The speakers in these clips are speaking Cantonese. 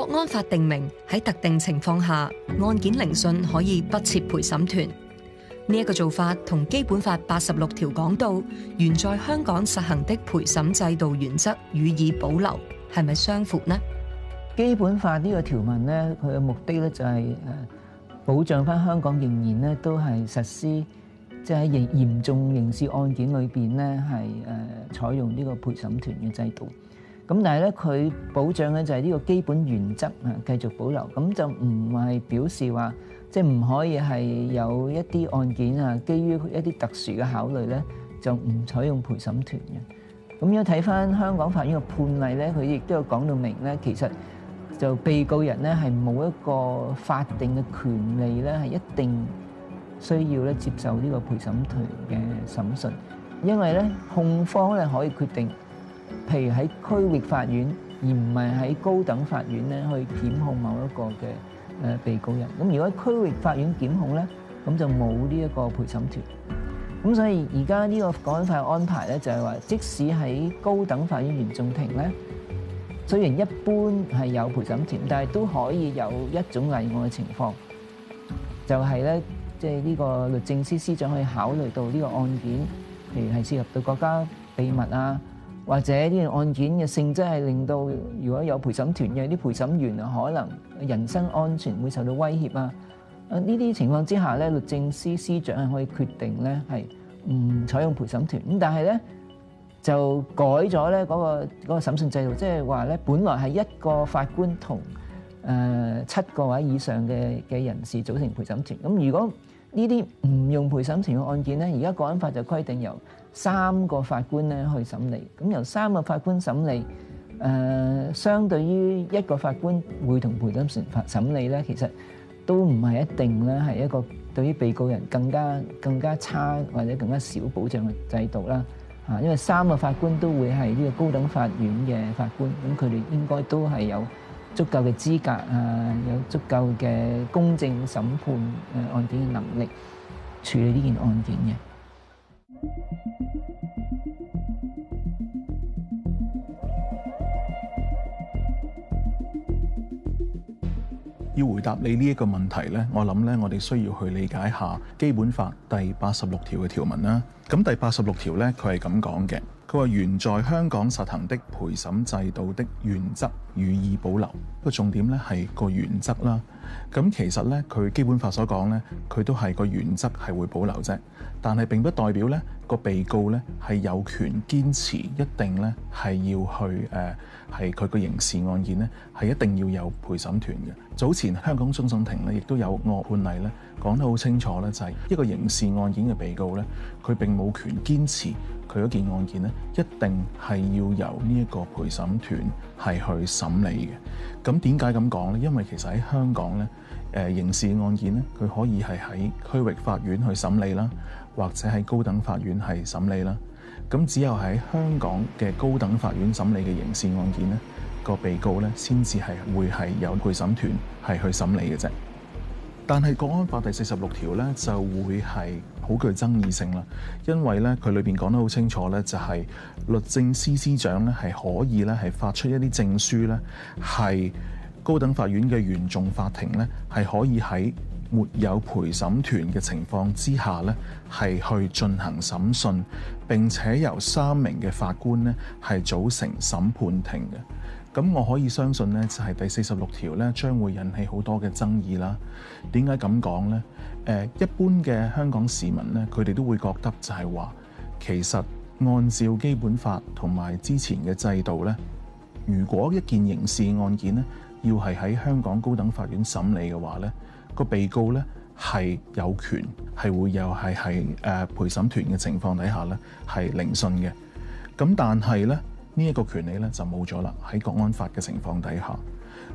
國安法定明喺特定情況下，案件聆訊可以不設陪審團。呢一個做法同基本法八十六條講到，原在香港實行的陪審制度原則予以保留，係咪相符呢？基本法呢個條文呢，佢嘅目的呢，就係誒保障翻，香港仍然咧都係實施，即係喺嚴嚴重刑事案件裏邊呢係誒採用呢個陪審團嘅制度。咁但係咧，佢保障嘅就係呢個基本原則啊，繼續保留。咁就唔係表示話，即係唔可以係有一啲案件啊，基於一啲特殊嘅考慮咧，就唔採用陪審團嘅。咁樣睇翻香港法院嘅判例咧，佢亦都有講到明咧，其實就被告人咧係冇一個法定嘅權利咧，係一定需要咧接受呢個陪審團嘅審訊，因為咧控方咧可以決定。譬如喺區域法院，而唔係喺高等法院咧，去檢控某一個嘅誒被告人。咁如果區域法院檢控咧，咁就冇呢一個陪審團。咁所以而家呢個講法安排咧，就係話，即使喺高等法院原訟庭咧，雖然一般係有陪審團，但係都可以有一種例外嘅情況，就係咧，即係呢個律政司司長可以考慮到呢個案件譬如係涉及到國家秘密啊。或者呢件案件嘅性質係令到如果有陪審團嘅啲陪審員啊，可能人身安全會受到威脅啊！啊，呢啲情況之下咧，律政司司長係可以決定咧，係唔採用陪審團咁，但係咧就改咗咧嗰個嗰個審訊制度，即係話咧，本來係一個法官同誒七個位以上嘅嘅人士組成陪審團咁，如果呢啲唔用陪審團嘅案件咧，而家《國安法》就規定由三個法官咧去審理，咁由三個法官審理，誒相對於一個法官會同陪審團審審理咧，其實都唔係一定啦，係一個對於被告人更加更加差或者更加少保障嘅制度啦，啊，因為三個法官都會係呢個高等法院嘅法官，咁佢哋應該都係有足夠嘅資格啊，有足夠嘅公正審判案件嘅能力處理呢件案件嘅。要回答你呢一個問題咧，我諗咧，我哋需要去理解一下《基本法》第八十六條嘅條文啦。咁第八十六條咧，佢係咁講嘅。佢話原在香港實行的陪審制度的原則予以保留。個重點咧係個原則啦。咁其實咧，佢基本法所講咧，佢都係個原則係會保留啫。但係並不代表咧，個被告咧係有權堅持一定咧係要去誒，係佢個刑事案件咧係一定要有陪審團嘅。早前香港終審庭咧亦都有個判例咧講得好清楚咧，就係、是、一個刑事案件嘅被告咧，佢並冇權堅持。佢嗰件案件咧，一定係要由呢一個陪審團係去審理嘅。咁點解咁講呢？因為其實喺香港咧，誒、呃、刑事案件咧，佢可以係喺區域法院去審理啦，或者喺高等法院係審理啦。咁只有喺香港嘅高等法院審理嘅刑事案件咧，個被告咧先至係會係有陪審團係去審理嘅啫。但係《國安法》第四十六條咧，就會係。好具爭議性啦，因為咧佢裏邊講得好清楚咧，就係律政司司長咧係可以咧係發出一啲證書咧，係高等法院嘅原訟法庭咧係可以喺沒有陪審團嘅情況之下咧係去進行審訊，並且由三名嘅法官咧係組成審判庭嘅。咁我可以相信呢就係第四十六條呢，將會引起好多嘅爭議啦。點解咁講呢？誒，一般嘅香港市民呢，佢哋都會覺得就係話，其實按照基本法同埋之前嘅制度呢，如果一件刑事案件呢，要係喺香港高等法院審理嘅話呢，個被告呢係有權係會有係係誒陪審團嘅情況底下呢，係聆訊嘅。咁但係呢。呢一個權利咧就冇咗啦。喺國安法嘅情況底下，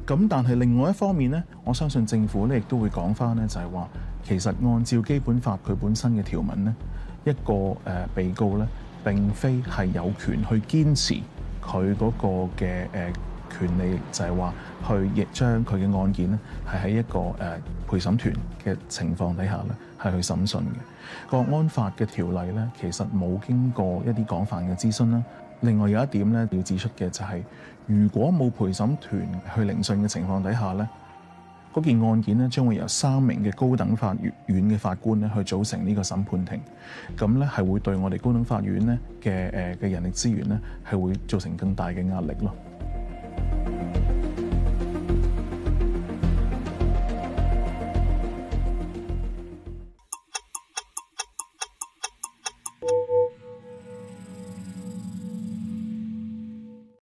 咁但係另外一方面呢，我相信政府咧亦都會講返呢，就係話其實按照基本法佢本身嘅條文呢，一個誒被告呢並非係有權去堅持佢嗰個嘅誒權利，就係話去亦將佢嘅案件呢係喺一個誒陪審團嘅情況底下呢係去審訊嘅。國安法嘅條例呢，其實冇經過一啲廣泛嘅諮詢啦。另外有一點咧要指出嘅就係，如果冇陪審團去聆訊嘅情況底下咧，嗰件案件咧將會由三名嘅高等法院嘅法官咧去組成呢個審判庭，咁咧係會對我哋高等法院咧嘅誒嘅人力資源咧係會造成更大嘅壓力咯。